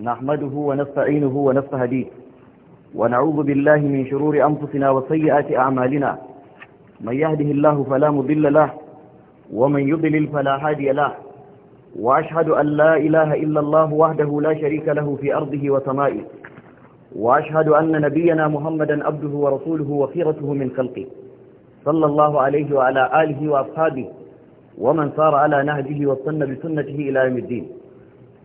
نحمده ونستعينه ونستهديه ونعوذ بالله من شرور أنفسنا وسيئات أعمالنا من يهده الله فلا مضل له ومن يضلل فلا هادي له وأشهد أن لا إله إلا الله وحده لا شريك له في أرضه وسمائه وأشهد أن نبينا محمدا عبده ورسوله وخيرته من خلقه صلى الله عليه وعلى آله وأصحابه ومن سار على نهجه واصطن بسنته إلى يوم الدين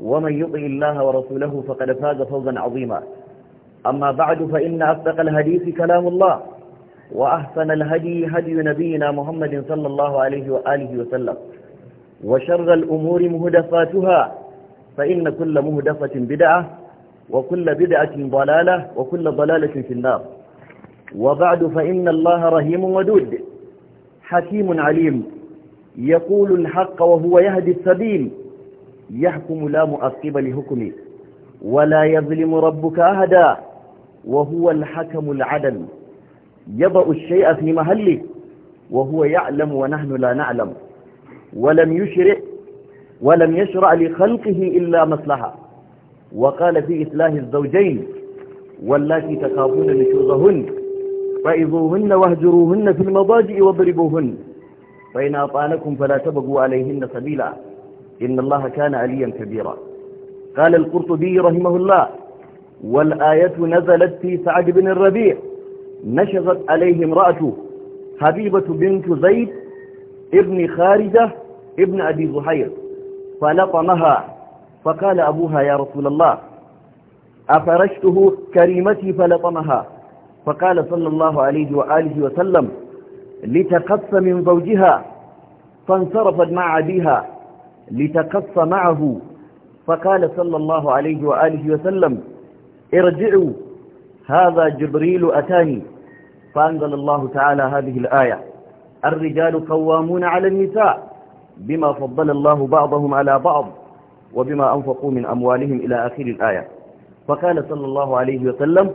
ومن يطع الله ورسوله فقد فاز فوزا عظيما أما بعد فإن أصدق الحديث كلام الله وأحسن الهدي هدي نبينا محمد صلى الله عليه وآله وسلم وشر الأمور مهدفاتها فإن كل مهدفة بدعة وكل بدعة ضلالة وكل ضلالة في النار وبعد فإن الله رهيم ودود حكيم عليم يقول الحق وهو يهدي السبيل يحكم لا مؤقب لحكمه ولا يظلم ربك أحدا وهو الحكم العدل يضع الشيء في محله وهو يعلم ونحن لا نعلم ولم يشرع ولم يشرع لخلقه إلا مصلحة وقال في إصلاح الزوجين واللاتي تخافون نشوزهن فإذوهن واهجروهن في المضاجئ واضربوهن فإن أطعنكم فلا تبقوا عليهن سبيلا إن الله كان عليا كبيرا قال القرطبي رحمه الله والآية نزلت في سعد بن الربيع نشغت عليه امرأته حبيبة بنت زيد ابن خارجة ابن أبي زحير فلطمها فقال أبوها يا رسول الله أفرشته كريمتي فلطمها فقال صلى الله عليه وآله وسلم لتقص من زوجها فانصرفت مع أبيها لتقص معه فقال صلى الله عليه وآله وسلم ارجعوا هذا جبريل أتاني فأنزل الله تعالى هذه الآية الرجال قوامون على النساء بما فضل الله بعضهم على بعض وبما أنفقوا من أموالهم إلى آخر الآية فقال صلى الله عليه وسلم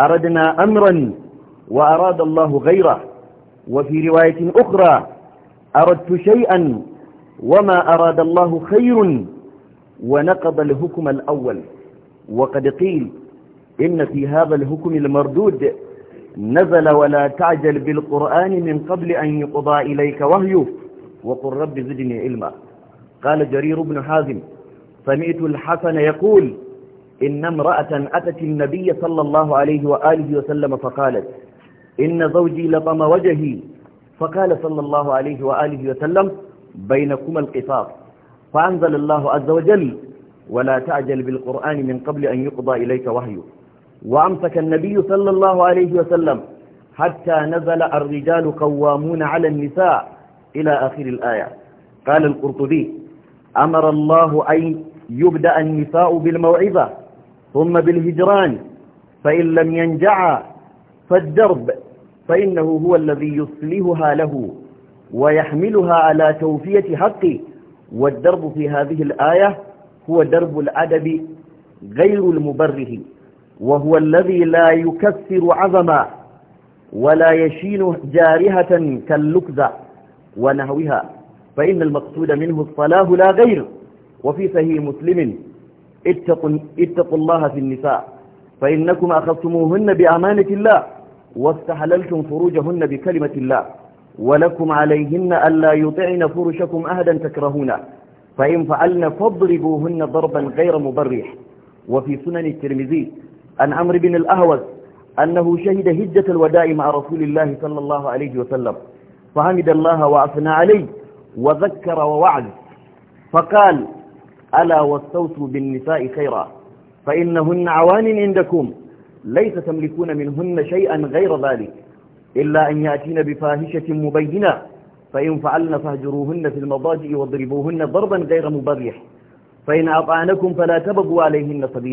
أردنا أمرا وأراد الله غيره وفي رواية أخرى أردت شيئا وما أراد الله خير ونقض الحكم الأول وقد قيل إن في هذا الحكم المردود نزل ولا تعجل بالقرآن من قبل أن يقضى إليك وهيه وقل رب زدني علما قال جرير بن حازم سمعت الحسن يقول إن امرأة أتت النبي صلى الله عليه وآله وسلم فقالت إن زوجي لطم وجهي فقال صلى الله عليه وآله وسلم بينكما القصاص فأنزل الله عز وجل ولا تعجل بالقرآن من قبل أن يقضى إليك وحيه وأمسك النبي صلى الله عليه وسلم حتى نزل الرجال قوامون على النساء إلى آخر الآية قال القرطبي أمر الله أن يبدأ النساء بالموعظة ثم بالهجران فإن لم ينجع فالدرب فإنه هو الذي يصلحها له ويحملها على توفية حقه والدرب في هذه الآية هو درب الأدب غير المبره وهو الذي لا يكسر عظما ولا يشين جارهة كاللكزة ونحوها فإن المقصود منه الصلاة لا غير وفي صحيح مسلم اتقوا, اتقوا الله في النساء فإنكم أخذتموهن بأمانة الله واستحللتم فروجهن بكلمة الله ولكم عليهن ألا يطعن فرشكم أهدا تكرهونه فإن فعلن فاضربوهن ضربا غير مبرح وفي سنن الترمذي عن عمرو بن الأهوز أنه شهد هجة الوداع مع رسول الله صلى الله عليه وسلم فحمد الله وأثنى عليه وذكر ووعد فقال ألا واستوصوا بالنساء خيرا فإنهن عوان عندكم ليس تملكون منهن شيئا غير ذلك إلا أن يأتين بفاهشة مبينة فإن فعلن فاهجروهن في المضاجع واضربوهن ضربا غير مبرح فإن أطعنكم فلا تبغوا عليهن سبيلا